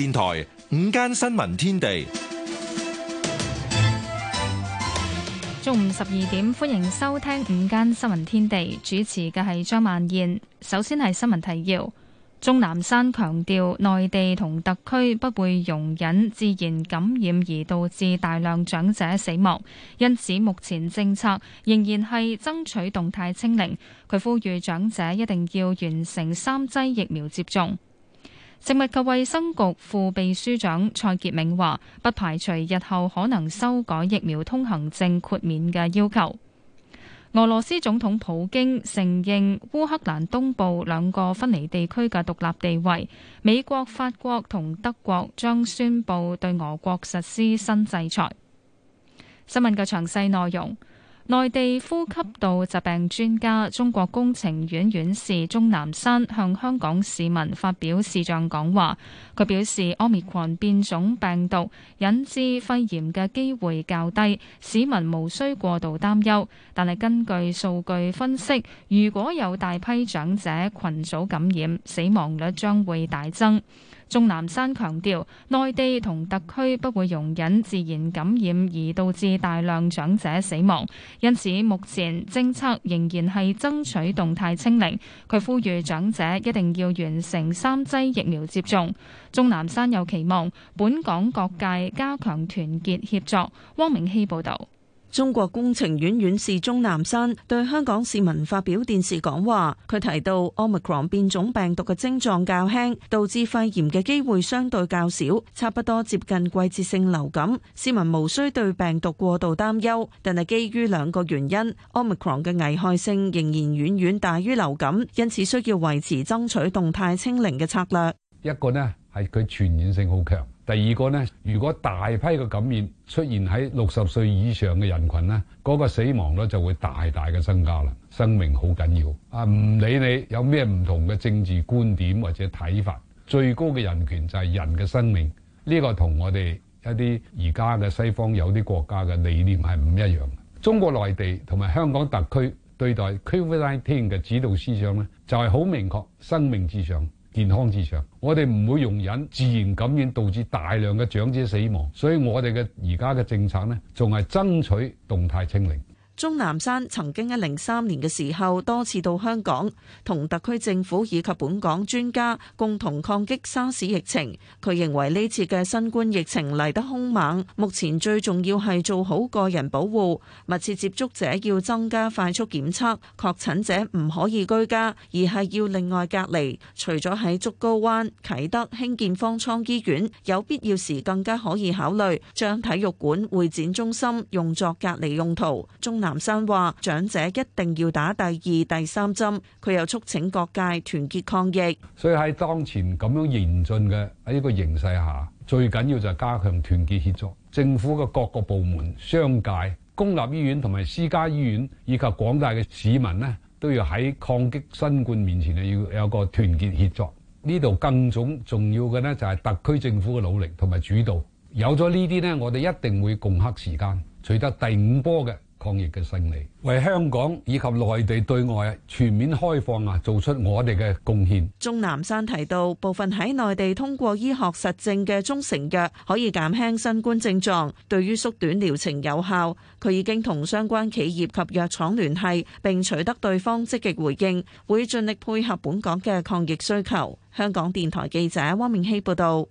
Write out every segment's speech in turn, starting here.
電台午間新聞天地，中午十二點歡迎收聽午間新聞天地，主持嘅係張曼燕。首先係新聞提要：鍾南山強調，內地同特區不會容忍自然感染而導致大量長者死亡，因此目前政策仍然係爭取動態清零。佢呼吁長者一定要完成三劑疫苗接種。食物及衛生局副秘書長蔡潔明話：不排除日後可能修改疫苗通行證豁免嘅要求。俄羅斯總統普京承認烏克蘭東部兩個分離地區嘅獨立地位。美國、法國同德國將宣布對俄國實施新制裁。新聞嘅詳細內容。內地呼吸道疾病專家、中國工程院院士鐘南山向香港市民發表視像講話。佢表示，奧密克戎變種病毒引致肺炎嘅機會較低，市民無需過度擔憂。但係根據數據分析，如果有大批長者群組感染，死亡率將會大增。鐘南山強調，內地同特區不會容忍自然感染而導致大量長者死亡，因此目前政策仍然係爭取動態清零。佢呼籲長者一定要完成三劑疫苗接種。鐘南山又期望本港各界加強團結協作。汪明熙報導。中國工程院院士鍾南山對香港市民發表電視講話，佢提到 Omicron 變種病毒嘅症狀較輕，導致肺炎嘅機會相對較少，差不多接近季節性流感。市民無需對病毒過度擔憂，但係基於兩個原因，Omicron 嘅危害性仍然遠遠大於流感，因此需要維持爭取動態清零嘅策略。一個呢，係佢傳染性好強。第二個呢，如果大批嘅感染出現喺六十歲以上嘅人群呢，嗰、嗰個死亡率就會大大嘅增加啦。生命好緊要啊！唔理你有咩唔同嘅政治觀點或者睇法，最高嘅人權就係人嘅生命。呢、呢個同我哋一啲而家嘅西方有啲國家嘅理念係唔一樣。中國內地同埋香港特區對待 COVID-19 嘅指導思想呢，就係、係、好明確，生命至上。健康至上，我哋唔會容忍自然感染導致大量嘅長者死亡，所以我哋嘅而家嘅政策呢，仲係爭取動態清零。鍾南山曾經喺零三年嘅時候多次到香港，同特區政府以及本港專家共同抗擊沙士疫情。佢認為呢次嘅新冠疫情嚟得兇猛，目前最重要係做好個人保護。密切接觸者要增加快速檢測，確診者唔可以居家，而係要另外隔離。除咗喺竹篙灣、啟德興建方艙醫院，有必要時更加可以考慮將體育館、會展中心用作隔離用途。鍾南。譚生話：長者一定要打第二、第三針。佢又促請各界團結抗疫。所以喺當前咁樣嚴峻嘅喺呢個形勢下，最緊要就係加強團結協作。政府嘅各個部門、商界、公立醫院同埋私家醫院以及廣大嘅市民咧，都要喺抗擊新冠面前啊，要有個團結協作。呢度更重重要嘅呢就係特區政府嘅努力同埋主導。有咗呢啲呢，我哋一定會共克時艱，取得第五波嘅。抗疫嘅勝利，為香港以及內地對外全面開放啊，做出我哋嘅貢獻。鍾南山提到，部分喺內地通過醫學實證嘅中成藥，可以減輕新冠症狀，對於縮短療程有效。佢已經同相關企業及藥廠聯繫，並取得對方積極回應，會盡力配合本港嘅抗疫需求。香港電台記者汪明希報導。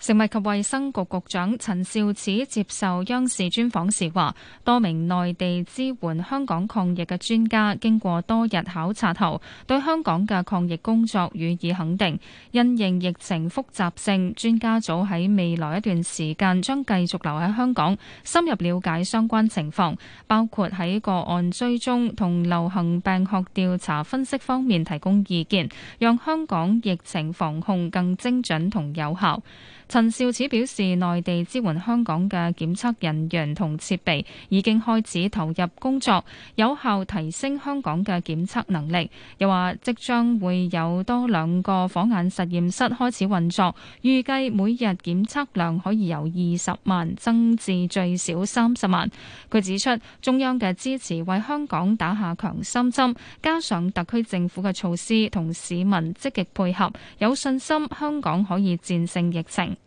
食物及衛生局局長陳肇始接受央視專訪時話：多名內地支援香港抗疫嘅專家，經過多日考察後，對香港嘅抗疫工作予以肯定。因應疫情複雜性，專家組喺未來一段時間將繼續留喺香港，深入了解相關情況，包括喺個案追蹤同流行病學調查分析方面提供意見，讓香港疫情防控更精準同有效。陳肇始表示，內地支援香港嘅檢測人員同設備已經開始投入工作，有效提升香港嘅檢測能力。又話，即將會有多兩個火眼實驗室開始運作，預計每日檢測量可以由二十萬增至最少三十萬。佢指出，中央嘅支持為香港打下強心針，加上特區政府嘅措施同市民積極配合，有信心香港可以戰勝疫情。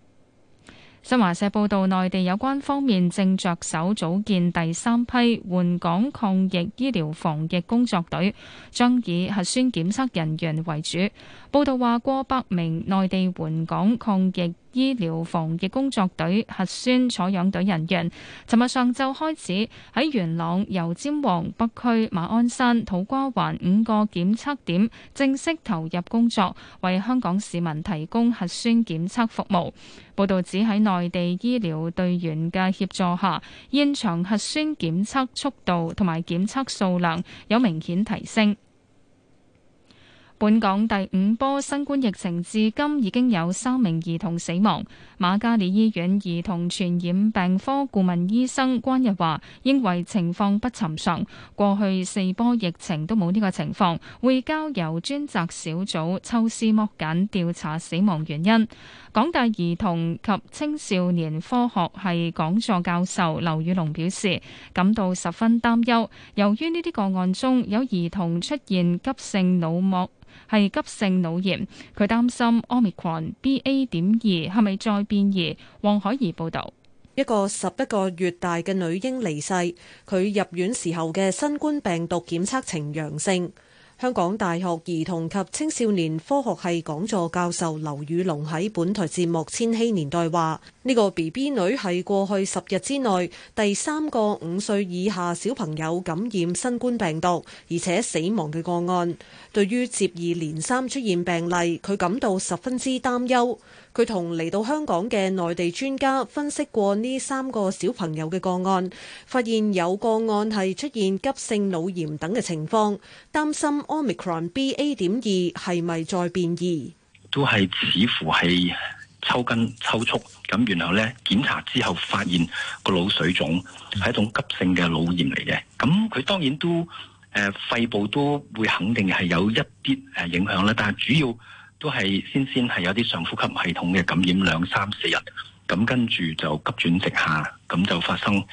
新華社報道，內地有關方面正着手組建第三批援港抗疫醫療防疫工作隊，將以核酸檢測人員為主。報道話，過百名內地援港抗疫。醫療防疫工作隊核酸採樣隊人員，尋日上晝開始喺元朗、油尖旺、北區、馬鞍山、土瓜灣五個檢測點正式投入工作，為香港市民提供核酸檢測服務。報道指喺內地醫療隊員嘅協助下，現場核酸檢測速度同埋檢測數量有明顯提升。本港第五波新冠疫情至今已經有三名兒童死亡。瑪嘉烈醫院兒童傳染病科顧問醫生關日華，因為情況不尋常，過去四波疫情都冇呢個情況，會交由專責小組抽絲剝繭調查死亡原因。港大兒童及青少年科學系講座教授劉宇龍表示，感到十分擔憂。由於呢啲個案中有兒童出現急性腦膜係急性腦炎，佢擔心 Omicron BA. 點二係咪再變異。黃海怡報導，一個十一個月大嘅女嬰離世，佢入院時候嘅新冠病毒檢測呈陽性。香港大學兒童及青少年科學系講座教授劉宇龍喺本台節目《千禧年代》話。呢個 BB 女係過去十日之內第三個五歲以下小朋友感染新冠病毒，而且死亡嘅個案。對於接二連三出現病例，佢感到十分之擔憂。佢同嚟到香港嘅內地專家分析過呢三個小朋友嘅個案，發現有個案係出現急性腦炎等嘅情況，擔心 Omicron BA. 點二係咪再變異？都係似乎係。抽筋，抽搐，咁然後咧檢查之後發現個腦水腫係一種急性嘅腦炎嚟嘅。咁佢當然都誒、呃、肺部都會肯定係有一啲誒影響啦，但係主要都係先先係有啲上呼吸系統嘅感染兩三四日，咁跟住就急轉直下，咁就發生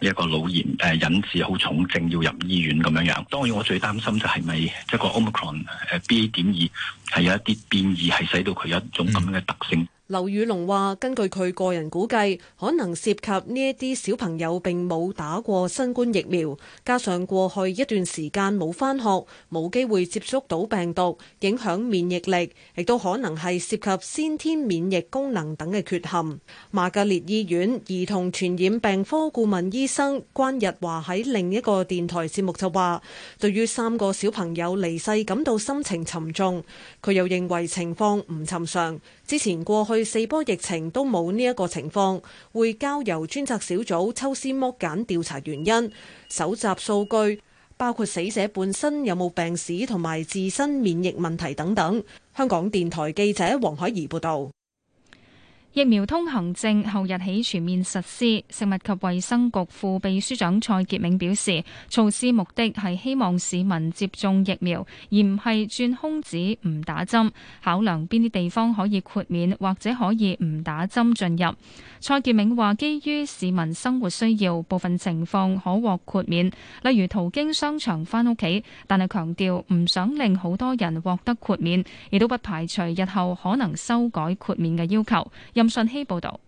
一個腦炎誒、呃、引致好重症要入醫院咁樣樣。當然我最擔心就係咪即係個 Omicron 誒 BA 點二係有一啲變異係使到佢有一種咁樣嘅特性。嗯劉宇隆話，根據佢個人估計，可能涉及呢一啲小朋友並冇打過新冠疫苗，加上過去一段時間冇翻學，冇機會接觸到病毒，影響免疫力，亦都可能係涉及先天免疫功能等嘅缺陷。瑪嘉烈醫院兒童傳染病科顧問醫生關日華喺另一個電台節目就話，對於三個小朋友離世感到心情沉重，佢又認為情況唔尋常，之前過去。對四波疫情都冇呢一個情況，會交由專責小組抽絲剝繭調查原因，蒐集數據，包括死者本身有冇病史同埋自身免疫問題等等。香港電台記者黃海怡報道。疫苗通行證後日起全面實施，食物及衛生局副秘書長蔡潔明表示，措施目的係希望市民接種疫苗，而唔係鑽空子唔打針，考量邊啲地方可以豁免或者可以唔打針進入。蔡潔明話，基於市民生活需要，部分情況可獲豁免，例如途經商場返屋企，但係強調唔想令好多人獲得豁免，亦都不排除日後可能修改豁免嘅要求。任信希報道。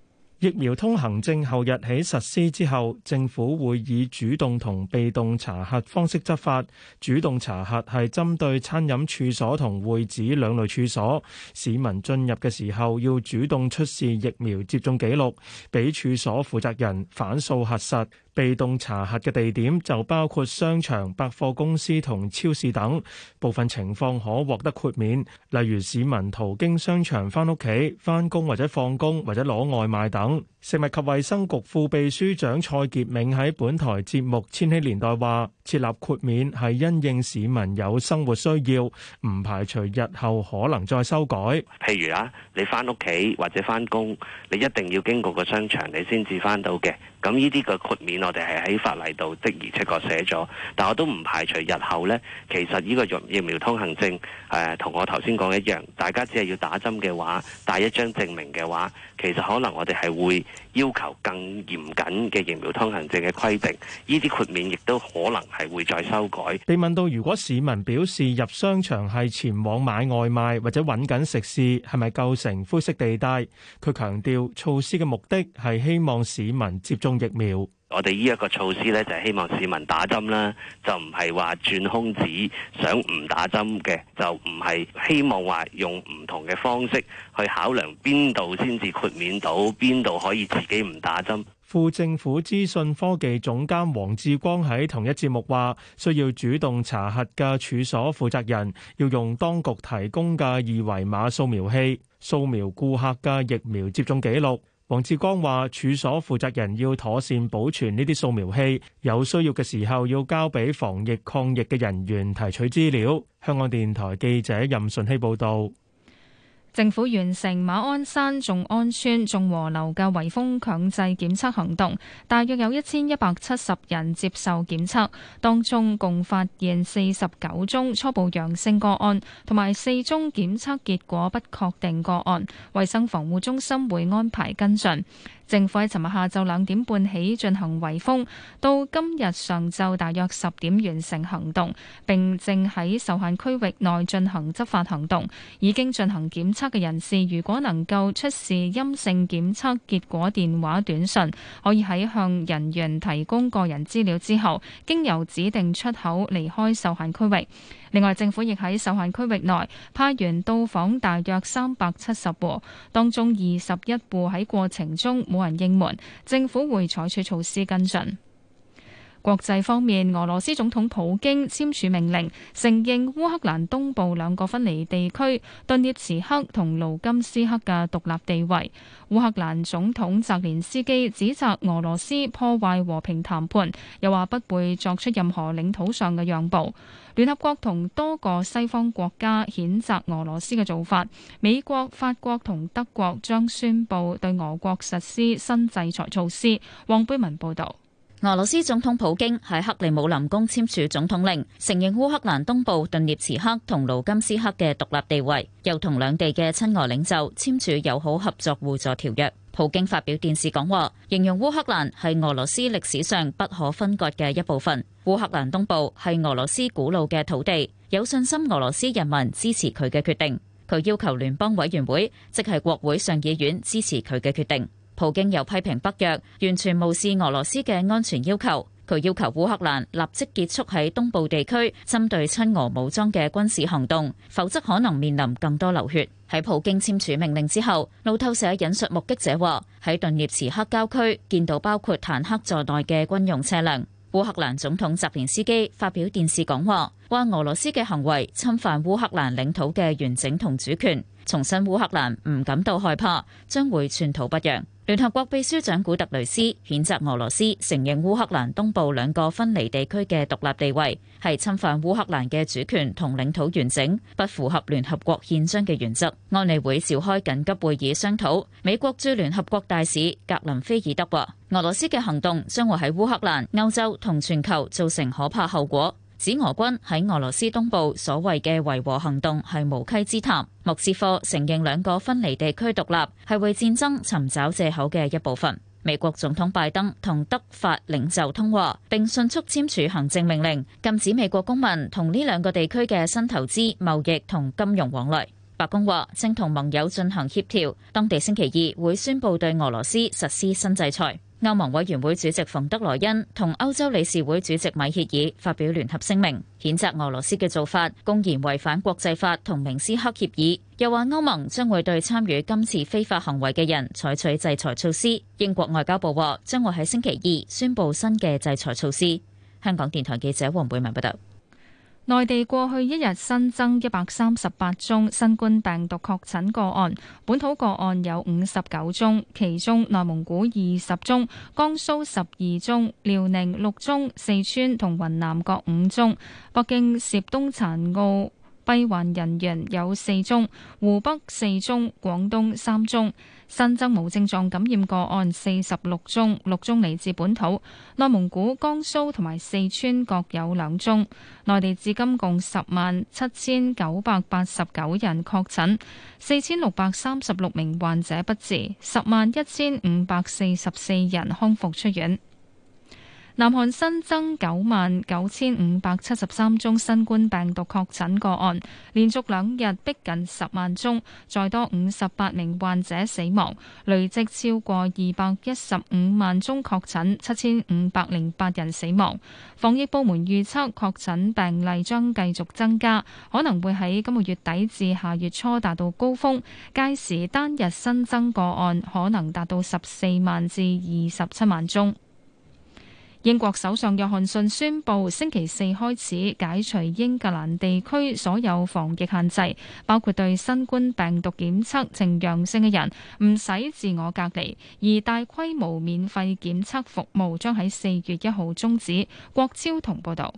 疫苗通行證後日起實施之後，政府會以主動同被動查核方式執法。主動查核係針對餐飲處所同會址兩類處所，市民進入嘅時候要主動出示疫苗接種記錄，俾處所負責人反掃核實。被動查核嘅地點就包括商場、百貨公司同超市等，部分情況可獲得豁免，例如市民途經商場翻屋企、翻工或者放工或者攞外賣等。食物及衛生局副秘書長蔡潔明喺本台節目《千禧年代》話，設立豁免係因應市民有生活需要，唔排除日後可能再修改。譬如啊，你翻屋企或者翻工，你一定要經過個商場你，你先至翻到嘅。咁呢啲嘅豁免我哋係喺法例度的而且確寫咗，但我都唔排除日後呢。其實呢個疫苗通行證，誒同我頭先講一樣，大家只係要打針嘅話，帶一張證明嘅話，其實可能我哋係會要求更嚴謹嘅疫苗通行證嘅規定。呢啲豁免亦都可能係會再修改。被問到，如果市民表示入商場係前往買外賣或者揾緊食肆，係咪構成灰色地帶？佢強調措施嘅目的係希望市民接種疫苗。我哋呢一個措施咧，就係希望市民打針啦，就唔係話鑽空子，想唔打針嘅，就唔係希望話用唔同嘅方式去考量邊度先至豁免到，邊度可以自己唔打針。副政府資訊科技總監黃志光喺同一節目話，需要主動查核嘅處所負責人，要用當局提供嘅二維碼掃描器掃描顧客嘅疫苗接種記錄。黃志光話，處所負責人要妥善保存呢啲掃描器，有需要嘅時候要交俾防疫抗疫嘅人員提取資料。香港電台記者任順希報道。政府完成馬鞍山眾安邨眾和樓嘅圍封強制檢測行動，大約有一千一百七十人接受檢測，當中共發現四十九宗初步陽性個案，同埋四宗檢測結果不確定個案，衛生防護中心會安排跟進，政府喺尋日下晝兩點半起進行圍封，到今日上晝大約十點完成行動，並正喺受限區域內進行執法行動，已經進行檢測。嘅人士，如果能夠出示陰性檢測結果、電話短信，可以喺向人員提供個人資料之後經由指定出口離開受限區域。另外，政府亦喺受限區域內派員到訪大約三百七十戶，當中二十一戶喺過程中冇人應門，政府會採取措施跟進。國際方面，俄羅斯總統普京簽署命令，承認烏克蘭東部兩個分離地區頓涅茨克同盧甘斯克嘅獨立地位。烏克蘭總統澤連斯基指責俄羅斯破壞和平談判，又話不會作出任何領土上嘅讓步。聯合國同多個西方國家譴責俄羅斯嘅做法。美國、法國同德國將宣布對俄國實施新制裁措施。黃貝文報導。俄羅斯總統普京喺克里姆林宮簽署總統令，承認烏克蘭東部頓涅茨克同盧甘斯克嘅獨立地位，又同兩地嘅親俄領袖簽署友好合作互助條約。普京發表電視講話，形容烏克蘭係俄羅斯歷史上不可分割嘅一部分。烏克蘭東部係俄羅斯古老嘅土地，有信心俄羅斯人民支持佢嘅決定。佢要求聯邦委員會，即係國會上議院支持佢嘅決定。普京又批評北約完全無視俄羅斯嘅安全要求，佢要求烏克蘭立即結束喺東部地區針對親俄武裝嘅軍事行動，否則可能面臨更多流血。喺普京簽署命令之後，路透社引述目擊者話：喺頓涅茨克郊區見到包括坦克在內嘅軍用車輛。烏克蘭總統澤連斯基發表電視講話，話俄羅斯嘅行為侵犯烏克蘭領土嘅完整同主權，重申烏克蘭唔感到害怕，將會寸土不讓。聯合國秘書長古特雷斯譴責俄羅斯承認烏克蘭東部兩個分離地區嘅獨立地位，係侵犯烏克蘭嘅主權同領土完整，不符合聯合國憲章嘅原則。安理會召開緊急會議商討。美國駐聯合國大使格林菲爾德話：俄羅斯嘅行動將會喺烏克蘭、歐洲同全球造成可怕後果。指俄軍喺俄羅斯東部所謂嘅維和行動係無稽之談。莫斯科承認兩個分離地區獨立係為戰爭尋找藉口嘅一部分。美國總統拜登同德法領袖通話，並迅速簽署行政命令，禁止美國公民同呢兩個地區嘅新投資、貿易同金融往來。白宮話正同盟友進行協調，當地星期二會宣布對俄羅斯實施新制裁。歐盟委員會主席馮德萊恩同歐洲理事會主席米歇爾發表聯合聲明，譴責俄羅斯嘅做法公然違反國際法同明斯克協議，又話歐盟將會對參與今次非法行為嘅人採取制裁措施。英國外交部話將會喺星期二宣布新嘅制裁措施。香港電台記者黃貝文報道。內地過去一日新增一百三十八宗新冠病毒確診個案，本土個案有五十九宗，其中內蒙古二十宗，江蘇十二宗，遼寧六宗，四川同雲南各五宗。北京涉冬殘奧閉環人員有四宗，湖北四宗，廣東三宗。新增無症狀感染個案四十六宗，六宗嚟自本土，內蒙古、江蘇同埋四川各有兩宗。內地至今共十萬七千九百八十九人確診，四千六百三十六名患者不治，十萬一千五百四十四人康復出院。南韓新增九萬九千五百七十三宗新冠病毒確診個案，連續兩日逼近十萬宗，再多五十八名患者死亡，累積超過二百一十五萬宗確診，七千五百零八人死亡。防疫部門預測，確診病例將繼續增加，可能會喺今個月底至下月初達到高峰，屆時單日新增個案可能達到十四萬至二十七萬宗。英國首相約翰遜宣布，星期四開始解除英格蘭地區所有防疫限制，包括對新冠病毒檢測呈陽性嘅人唔使自我隔離，而大規模免費檢測服務將喺四月一號終止。郭超同報道。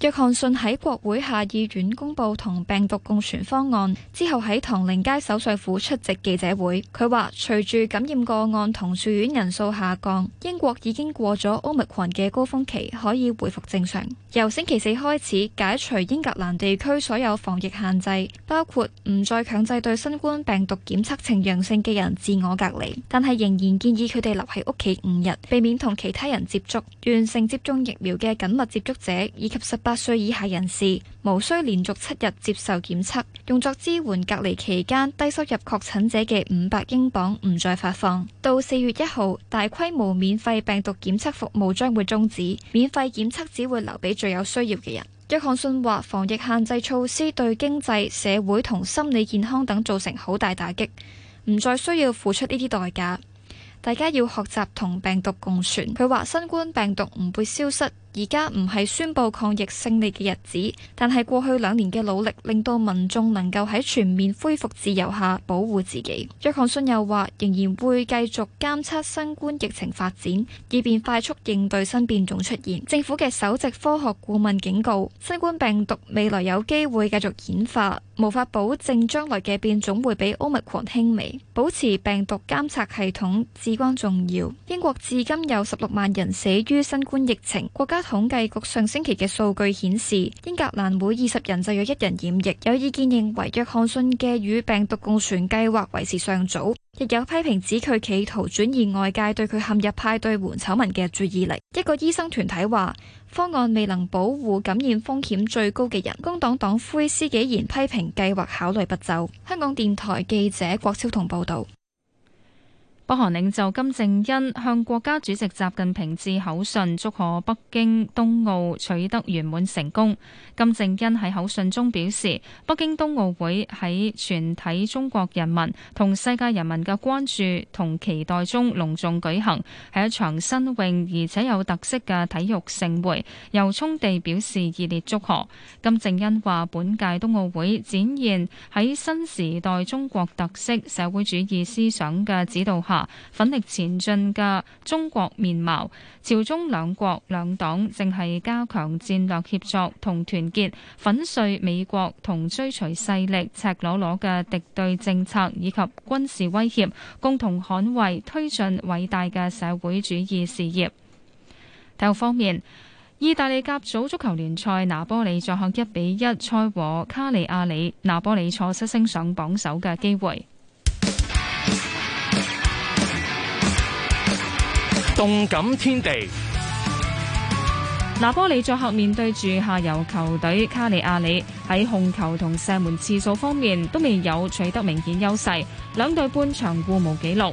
約翰遜喺國會下議院公布同病毒共存方案之後，喺唐寧街首相府出席記者會。佢話：隨住感染個案同住院人數下降，英國已經過咗奧密群嘅高峰期，可以回復正常。由星期四開始，解除英格蘭地區所有防疫限制，包括唔再強制對新冠病毒檢測呈陽性嘅人自我隔離，但係仍然建議佢哋留喺屋企五日，避免同其他人接觸。完成接種疫苗嘅緊密接觸者以及十八歲以下人士無需連續七日接受檢測，用作支援隔離期間低收入確診者嘅五百英鎊唔再發放。到四月一號，大規模免費病毒檢測服務將會終止，免費檢測只會留俾最有需要嘅人。約翰遜話防疫限制措施對經濟、社會同心理健康等造成好大打擊，唔再需要付出呢啲代價。大家要學習同病毒共存。佢話新冠病毒唔會消失。而家唔係宣布抗疫勝利嘅日子，但係過去兩年嘅努力令到民衆能夠喺全面恢復自由下保護自己。約翰遜又話，仍然會繼續監測新冠疫情發展，以便快速應對新變種出現。政府嘅首席科學顧問警告，新冠病毒未來有機會繼續演化，無法保證將來嘅變種會比 Omicron 輕微。保持病毒監測系統至關重要。英國至今有十六萬人死於新冠疫情，國家、統計局上星期嘅數據顯示，英格蘭每二十人就有一人染疫。有意見認為，約翰遜嘅與病毒共存計劃為時尚早，亦有批評指佢企圖轉移外界對佢陷入派對門醜聞嘅注意力。一個醫生團體話，方案未能保護感染風險最高嘅人。工黨黨魁施紀賢批評計劃考慮不周。香港電台記者郭超同報道。北韓領袖金正恩向國家主席習近平致口信，祝賀北京冬奧取得圓滿成功。金正恩喺口信中表示，北京冬奧會喺全體中國人民同世界人民嘅關注同期待中隆重舉行，係一場新穎而且有特色嘅體育盛會，由衷地表示熱烈祝賀。金正恩話：本屆冬奧會展現喺新時代中國特色社會主義思想嘅指導下。奮力前進嘅中國面貌，朝中兩國兩黨正係加強戰略協作同團結，粉碎美國同追隨勢力赤裸裸嘅敵對政策以及軍事威脅，共同捍衛推進偉大嘅社會主義事業。體育方面，意大利甲組足球聯賽拿波里作客一比一賽和卡里亞里，拿波里錯失升上榜首嘅機會。動感天地，拿波里作客面對住下游球隊卡利亞里，喺控球同射門次數方面都未有取得明顯優勢，兩隊半場互無紀錄。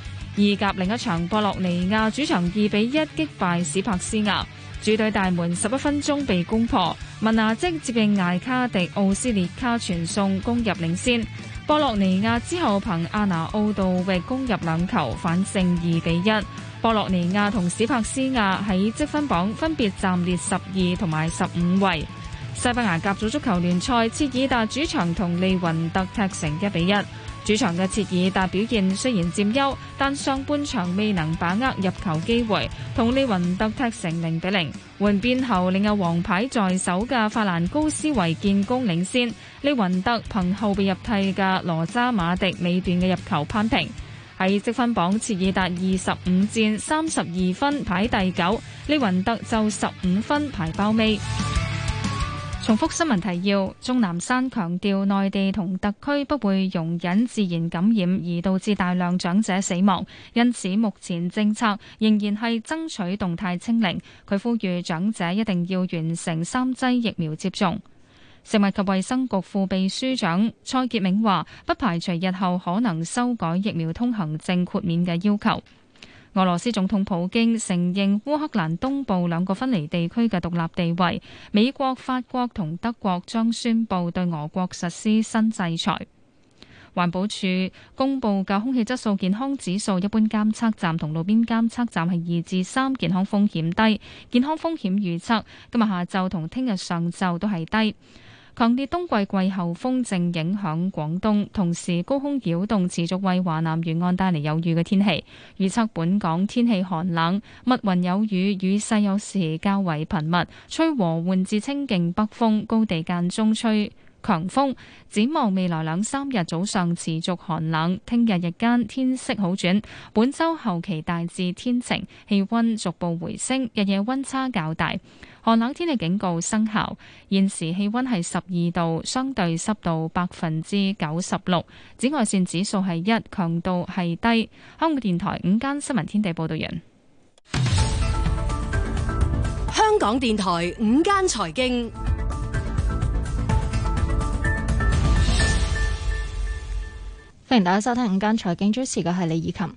意甲另一場波洛尼亞主場二比一擊敗史帕斯亞，主隊大門十一分鐘被攻破，文亞即接應艾卡迪奧斯列卡傳送攻入領先。波洛尼亞之後憑阿拿奧道域攻入兩球反勝二比一。波洛尼亞同史帕斯亞喺積分榜分別暫列十二同埋十五位。西班牙甲組足球聯賽切爾達主場同利雲特踢成一比一。主場嘅切爾達表現雖然佔優，但上半場未能把握入球機會，同利雲特踢成零比零。換邊後，另有黃牌在手嘅法蘭高斯維建功領先，利雲特憑後備入替嘅羅渣馬迪尾段嘅入球攀平。喺積分榜切，切爾達二十五戰三十二分排第九，利雲特就十五分排包尾。重複新聞提要：鐘南山強調，內地同特區不會容忍自然感染而導致大量長者死亡，因此目前政策仍然係爭取動態清零。佢呼籲長者一定要完成三劑疫苗接種。食物及衛生局副秘書長蔡潔明話，不排除日後可能修改疫苗通行證豁免嘅要求。俄羅斯總統普京承認烏克蘭東部兩個分離地區嘅獨立地位。美國、法國同德國將宣布對俄國實施新制裁。環保署公布嘅空氣質素健康指數，一般監測站同路邊監測站係二至三，健康風險低。健康風險預測今日下晝同聽日上晝都係低。強烈冬季季候風正影響廣東，同時高空擾動持續為華南沿岸帶嚟有雨嘅天氣。預測本港天氣寒冷，密雲有雨，雨勢有時較為頻密，吹和緩至清勁北風，高地間中吹強風。展望未來兩三日早上持續寒冷，聽日日間天色好轉，本週後期大致天晴，氣温逐步回升，日夜温差較大。寒冷天氣警告生效，現時氣温係十二度，相對濕度百分之九十六，紫外線指數係一，強度係低。香港電台午間新聞天地報道人。香港電台午間財經，歡迎大家收聽午間財經，主持嘅係李以琴。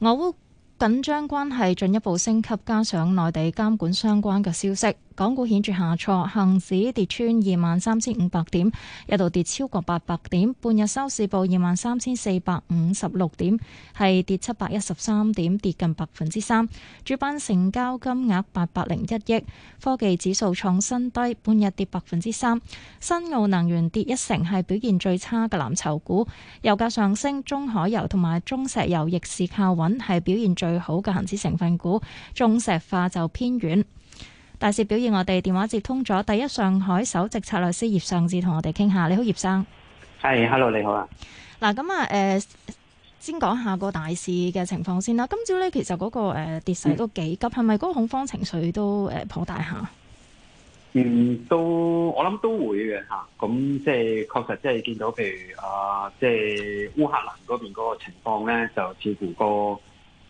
我緊張關係進一步升級，加上內地監管相關嘅消息。港股顯著下挫，恒指跌穿二萬三千五百點，一度跌超過八百點，半日收市報二萬三千四百五十六點，係跌七百一十三點，跌近百分之三。主板成交金額八百零一億，科技指數創新低，半日跌百分之三。新奧能源跌一成，係表現最差嘅藍籌股。油價上升，中海油同埋中石油逆市靠穩，係表現最好嘅恒指成分股。中石化就偏軟。大市表現我，我哋電話接通咗第一上海首席策略師葉尚志，同我哋傾下。你好，葉生。係、hey，hello，你好啊。嗱，咁啊，誒，先講下個大市嘅情況先啦。今朝咧，其實嗰個跌勢都幾急，係咪嗰個恐慌情緒都誒頗大下？嗯，都我諗都會嘅嚇。咁即係確實即係見到，譬如啊，即、呃、係、就係、烏克蘭嗰邊嗰個情況咧，就似乎個。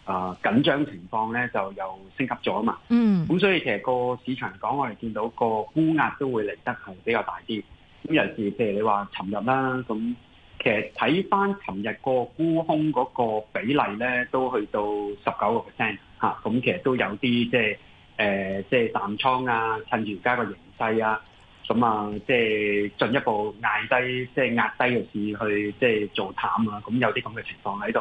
啊，uh, 緊張情況咧就又升級咗啊嘛，嗯，咁所以其實個市場講，我哋見到個沽壓都會嚟得係比較大啲。咁有時譬如你話尋日啦，咁其實睇返尋日個沽空嗰個比例咧，都去到十九個 percent 嚇，咁、啊、其實都有啲即係誒，即係淡倉啊，趁住而家個形勢啊，咁啊，即係進一步嗌低，即係壓低嘅市去即係做淡啊，咁有啲咁嘅情況喺度。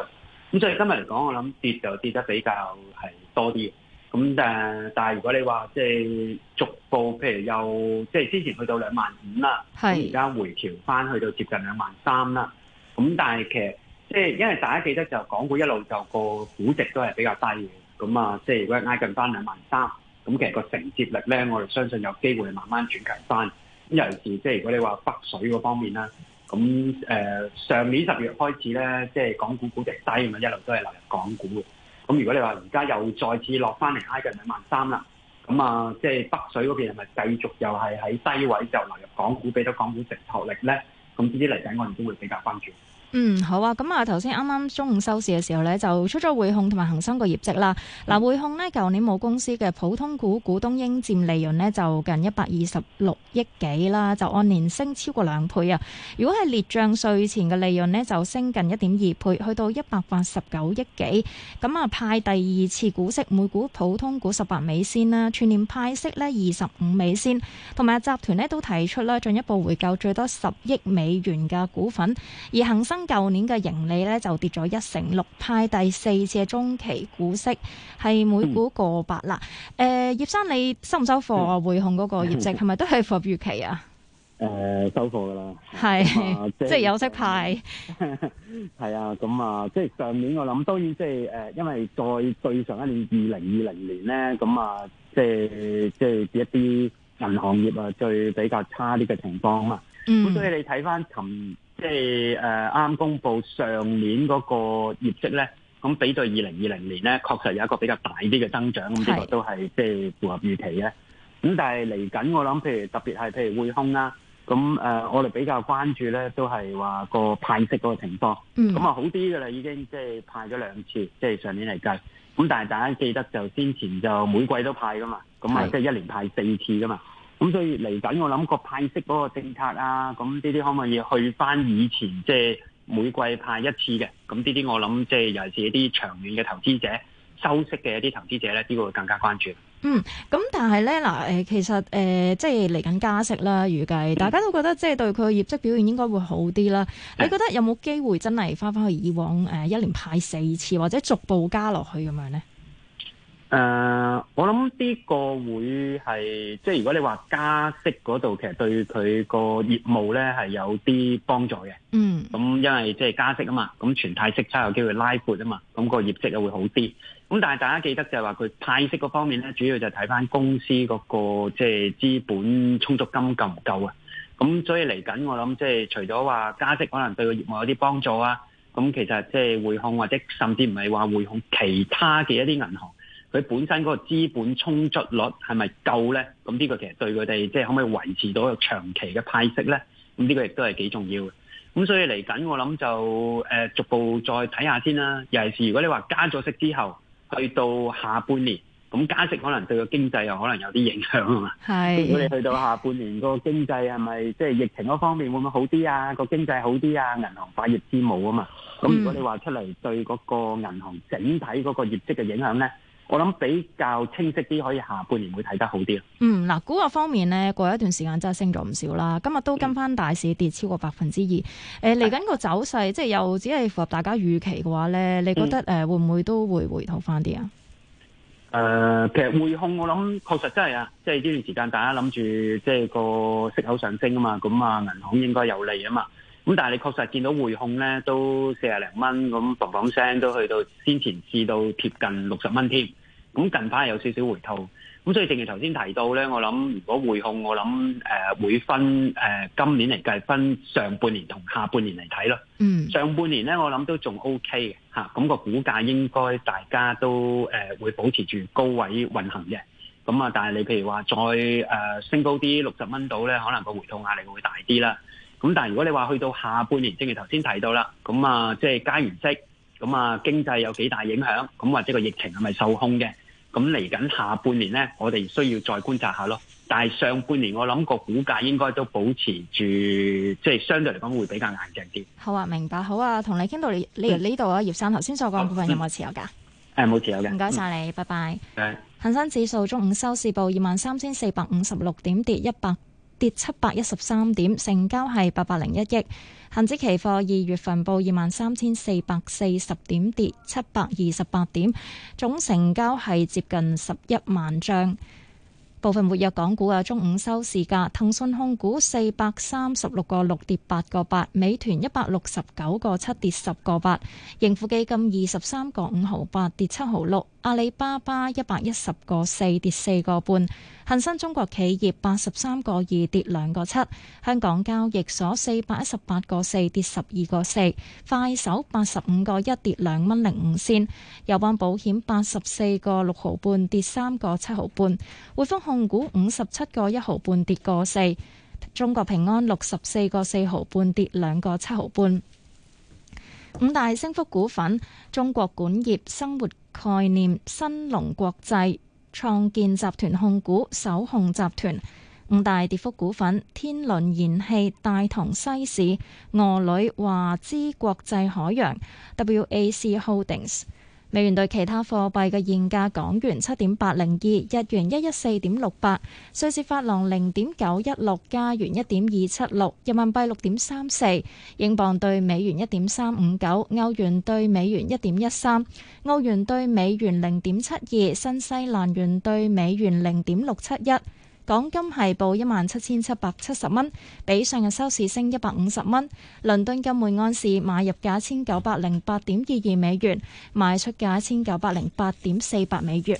咁所以今日嚟講，我諗跌就跌得比較係多啲。咁誒，但係如果你話即係逐步，譬如又即係之前去到兩萬五啦，咁而家回調翻去到接近兩萬三啦。咁但係其實即係因為大家記得就港股一路就個估值都係比較低嘅。咁啊，即係如果挨近翻兩萬三，咁其實個承接力咧，我哋相信有機會慢慢轉強翻。咁尤其是即係如果你話北水嗰方面啦。咁誒、呃、上年十月開始咧，即係港股估值低咁啊，一路都係流入港股嘅。咁如果你話而家又再次落翻嚟，挨近兩萬三啦，咁啊，即係北水嗰邊係咪繼續又係喺低位就流入港股，俾咗港股承托力咧？咁呢啲嚟緊，我哋都會比較關注。嗯，好啊，咁、嗯、啊，頭先啱啱中午收市嘅時候咧，就出咗匯控同埋恒生個業績啦。嗱，匯控咧，舊年母公司嘅普通股股東應佔利潤咧，就近一百二十六億幾啦，就按年升超過兩倍啊。如果係列賬稅前嘅利潤咧，就升近一點二倍，去到一百八十九億幾。咁、嗯、啊，派第二次股息，每股普通股十八美仙啦，全年派息咧二十五美仙，同埋集團咧都提出啦進一步回購最多十億美元嘅股份，而恒生。舊年嘅盈利咧就跌咗一成六，派第四次嘅中期股息係每股過百啦。誒，葉生你收唔收貨匯控嗰個業績係咪都係符合預期啊？誒，收貨噶啦，係即係有息派。係啊，咁啊，即係上年我諗當然，即係誒，因為再對上一年二零二零年咧，咁啊，即係即係一啲銀行業啊，最比較差啲嘅情況啊嘛。嗯。咁所以你睇翻琴。即係誒，啱公布上年嗰個業績咧，咁比對二零二零年咧，確實有一個比較大啲嘅增長，咁呢個都係即係符合預期嘅。咁但係嚟緊我諗，譬如特別係譬如匯豐啦，咁誒，我哋比較關注咧，都係話個派息嗰個情況。咁啊、嗯、好啲噶啦，已經即係派咗兩次，即係上年嚟計。咁但係大家記得就先前就每季都派噶嘛，咁啊即係一年派四次噶嘛。咁所以嚟緊，我諗個派息嗰個政策啊，咁呢啲可唔可以去翻以前，即係每季派一次嘅？咁呢啲我諗，即係尤其是一啲長遠嘅投資者、收息嘅一啲投資者咧，呢個會更加關注。嗯，咁但係咧嗱，誒其實誒、呃、即係嚟緊加息啦，預計大家都覺得即係對佢業績表現應該會好啲啦。嗯、你覺得有冇機會真係翻返去以往誒、呃、一年派四次，或者逐步加落去咁樣咧？誒，uh, 我諗呢個會係即係如果你話加息嗰度，其實對佢個業務咧係有啲幫助嘅。嗯，咁因為即係加息啊嘛，咁全泰息差有機會拉闊啊嘛，咁個業績又會好啲。咁但係大家記得就係話佢派息嗰方面咧，主要就睇翻公司嗰個即係資本充足金夠唔夠啊。咁所以嚟緊我諗即係除咗話加息可能對個業務有啲幫助啊，咁其實即係匯控或者甚至唔係話匯控其他嘅一啲銀行。佢本身嗰個資本充足率係咪夠咧？咁呢個其實對佢哋即係可唔可以維持到一個長期嘅派息咧？咁呢個亦都係幾重要嘅。咁所以嚟緊我諗就誒、呃、逐步再睇下先啦。尤其是如果你話加咗息之後，去到下半年，咁加息可能對個經濟又可能有啲影響啊。係是。如果你去到下半年個經濟係咪即係疫情嗰方面會唔會好啲啊？個經濟好啲啊，銀行百業之母啊嘛。咁如果你話出嚟對嗰個銀行整體嗰個業績嘅影響咧？我諗比較清晰啲，可以下半年會睇得好啲。嗯，嗱，股票方面呢，過一段時間真係升咗唔少啦。今日都跟翻大市跌超過百分之二。誒、嗯，嚟緊個走勢即係又只係符合大家預期嘅話呢，你覺得誒、呃嗯、會唔會都會回頭翻啲啊？誒、呃，其實匯控我諗確實真係啊，即係呢段時間大家諗住即係個息口上升啊嘛，咁啊銀行應該有利啊嘛。咁但係你確實見到匯控呢都四十零蚊咁嘭嘭聲都去到先前至到貼近六十蚊添。咁近排有少少回吐，咁所以正如頭先提到咧，我諗如果匯控，我諗誒、呃、會分誒、呃、今年嚟計，分上半年同下半年嚟睇咯。嗯，上半年咧，我諗都仲 OK 嘅嚇，咁、啊那個股價應該大家都誒、呃、會保持住高位運行嘅。咁啊，但係你譬如話再誒升高啲六十蚊度咧，可能個回吐壓力會大啲啦。咁、啊、但係如果你話去到下半年，正如頭先提到啦，咁啊即係加完息，咁、就是、啊經濟有幾大影響，咁、啊、或者個疫情係咪受控嘅？咁嚟緊下半年咧，我哋需要再觀察下咯。但係上半年我諗個股價應該都保持住，即係相對嚟講會比較硬淨啲。好啊，明白。好啊，同你傾到你呢呢度啊，葉生頭先所講部分有冇持有㗎？誒、哦，冇、嗯啊、持有嘅。唔該晒你，嗯、拜拜。恒生、哎、指數中午收市報二萬三千四百五十六點，跌，跌一百。跌七百一十三點，成交係八百零一億。恒指期貨二月份報二萬三千四百四十點跌，跌七百二十八點，總成交係接近十一萬張。部分活躍港股嘅，中午收市價，騰訊控股四百三十六個六跌八個八，美團一百六十九個七跌十個八，盈富基金二十三個五毫八跌七毫六，阿里巴巴一百一十個四跌四個半。恒生中國企業八十三個二跌兩個七，香港交易所四百一十八個四跌十二個四，快手八十五個一跌兩蚊零五仙，友邦保險八十四個六毫半跌三個七毫半，匯豐控股五十七個一毫半跌個四，中國平安六十四個四毫半跌兩個七毫半，五大升幅股份：中國管業、生活概念、新龍國際。創建集團控股、首控集團，五大跌幅股份：天倫燃氣、大同西市、俄旅華資、國際海洋、WAC Holdings。美元兌其他貨幣嘅現價：港元七點八零二，日元一一四點六八，瑞士法郎零點九一六，加元一點二七六，人民幣六點三四，英鎊對美元一點三五九，歐元對美元一點一三，澳元對美元零點七二，新西蘭元對美元零點六七一。港金係報一萬七千七百七十蚊，比上日收市升一百五十蚊。倫敦金每安士買入價一千九百零八點二二美元，賣出價一千九百零八點四八美元。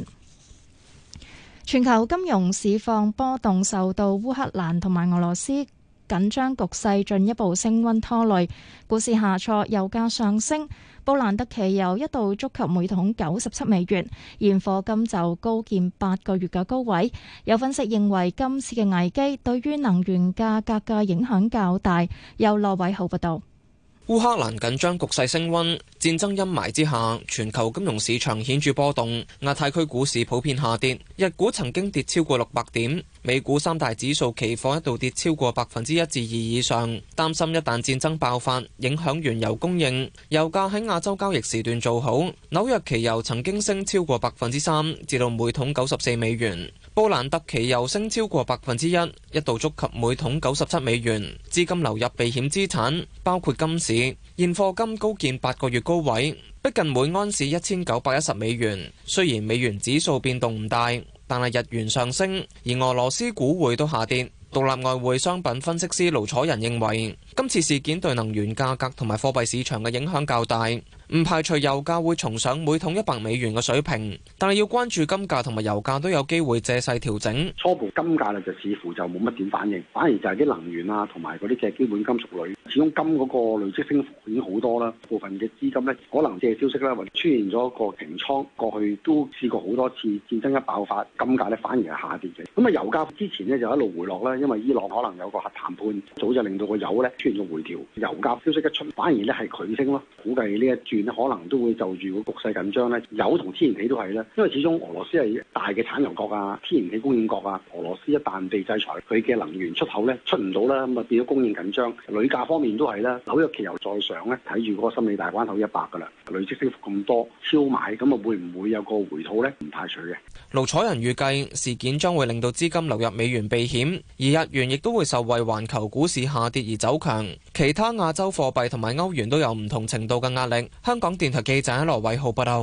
全球金融市況波動，受到烏克蘭同埋俄羅斯緊張局勢進一步升溫拖累，股市下挫，油價上升。布蘭德氣油一度觸及每桶九十七美元，現貨金就高見八個月嘅高位。有分析認為，今次嘅危機對於能源價格嘅影響較大。由羅偉浩報道，烏克蘭緊張局勢升溫，戰爭陰霾之下，全球金融市場顯著波動，亞太區股市普遍下跌，日股曾經跌超過六百點。美股三大指數期貨一度跌超過百分之一至二以上，擔心一旦戰爭爆發影響原油供應。油價喺亞洲交易時段做好，紐約期油曾經升超過百分之三，至到每桶九十四美元。布蘭特期油升超過百分之一，一度觸及每桶九十七美元。資金流入避險資產，包括金市，現貨金高見八個月高位，逼近每安士一千九百一十美元。雖然美元指數變動唔大。但係日元上升，而俄羅斯股匯都下跌。獨立外匯商品分析師盧楚仁認為，今次事件對能源價格同埋貨幣市場嘅影響較大。唔排除油價會重上每桶一百美元嘅水平，但係要關注金價同埋油價都有機會借勢調整。初步金價咧就似乎就冇乜點反應，反而就係啲能源啊同埋嗰啲嘅基本金屬類，始終金嗰個累積升幅已經好多啦。部分嘅資金咧可能借消息啦，或者出現咗一個停倉，過去都試過好多次戰爭一爆發，金價咧反而係下跌嘅。咁啊油價之前呢就一路回落啦，因為伊朗可能有個核談判，早就令到個油咧出現咗回調。油價消息一出，反而咧係佢升咯，估計呢一轉。可能都會就住個局勢緊張呢，油同天然氣都係咧，因為始終俄羅斯係大嘅產油國啊、天然氣供應國啊。俄羅斯一旦被制裁，佢嘅能源出口呢出唔到啦，咁啊變咗供應緊張。鋁價方面都係啦，紐約期油再上呢，睇住嗰個心理大關口一百㗎啦。累積升幅咁多，超買咁啊，會唔會有個回吐呢？唔太 sure 嘅。盧彩仁預計事件將會令到資金流入美元避險，而日元亦都會受惠環球股市下跌而走強。其他亞洲貨幣同埋歐元都有唔同程度嘅壓力。香港電台記者羅偉浩報道：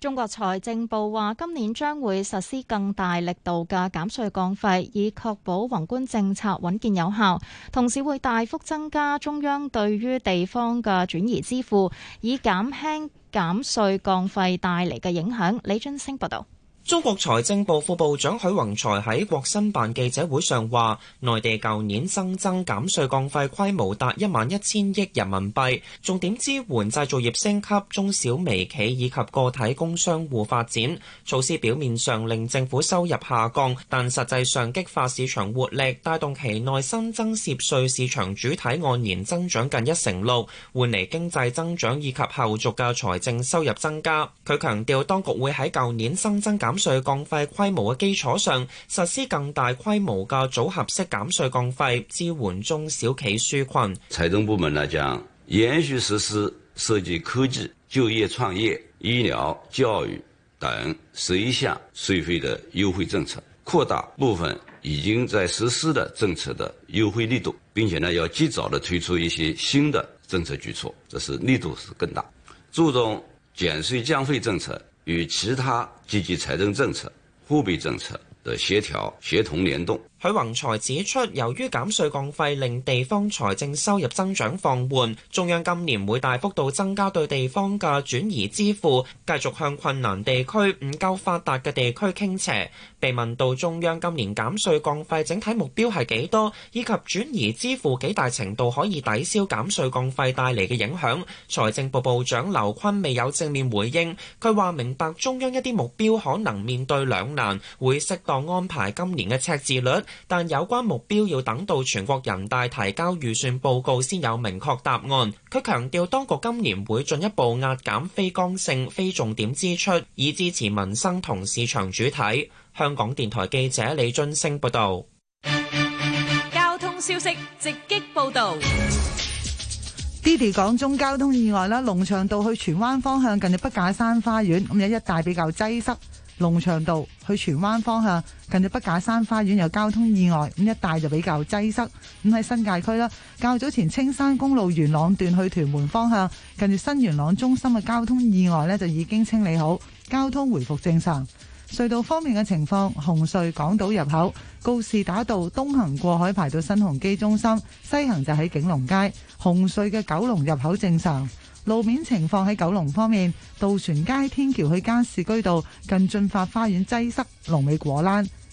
中國財政部話，今年將會實施更大力度嘅減稅降費，以確保宏觀政策穩健有效，同時會大幅增加中央對於地方嘅轉移支付，以減輕減稅降費帶嚟嘅影響。李津升報道。中國財政部副部長許宏才喺國新辦記者會上話，內地舊年新增減稅降費規模達一萬一千億人民幣，重點支援製造業升級、中小微企以及個體工商戶發展。措施表面上令政府收入下降，但實際上激發市場活力，帶動期內新增涉稅市場主體按年增長近一成六，換嚟經濟增長以及後續嘅財政收入增加。佢強調，當局會喺舊年新增減稅降費規模嘅基礎上，實施更大規模嘅組合式減稅降費，支援中小企紓困。財政部門呢將延續實施涉及科技、就業、創業、醫療、教育等十一項稅費的優惠政策，擴大部分已經在實施的政策的優惠力度，並且呢要及早的推出一些新的政策舉措，這是力度是更大，注重減稅降費政策。與其他積極財政政策、貨幣政策的協調、協同聯動。許宏才指出，由於減稅降費令地方財政收入增長放緩，中央今年會大幅度增加對地方嘅轉移支付，繼續向困難地區、唔夠發達嘅地區傾斜。被問到中央今年減稅降費整體目標係幾多，以及轉移支付幾大程度可以抵消減稅降費帶嚟嘅影響，財政部部長劉昆未有正面回應。佢話：明白中央一啲目標可能面對兩難，會適當安排今年嘅赤字率。但有關目標要等到全國人大提交預算報告先有明確答案。佢強調，當局今年會進一步壓減非剛性、非重點支出，以支持民生同市場主體。香港電台記者李津升報導。交通消息直擊報導。爹哋講中交通意外啦，龍翔道去荃灣方向近嘅畢架山花園咁有一帶比較擠塞。龍翔道，去荃灣方向，近住北架山花園有交通意外，咁一帶就比較擠塞。咁，喺新界區啦，較早前青山公路元朗段去屯門方向，近住新元朗中心嘅交通意外呢，就已經清理好，交通回復正常。隧道方面嘅情況，紅隧港島入口，告士打道東行過海排到新鴻基中心，西行就喺景隆街，紅隧嘅九龍入口正常。路面情況，喺九龍方面，渡船街天橋去加士居道近駿發花園擠塞，龍尾果欄。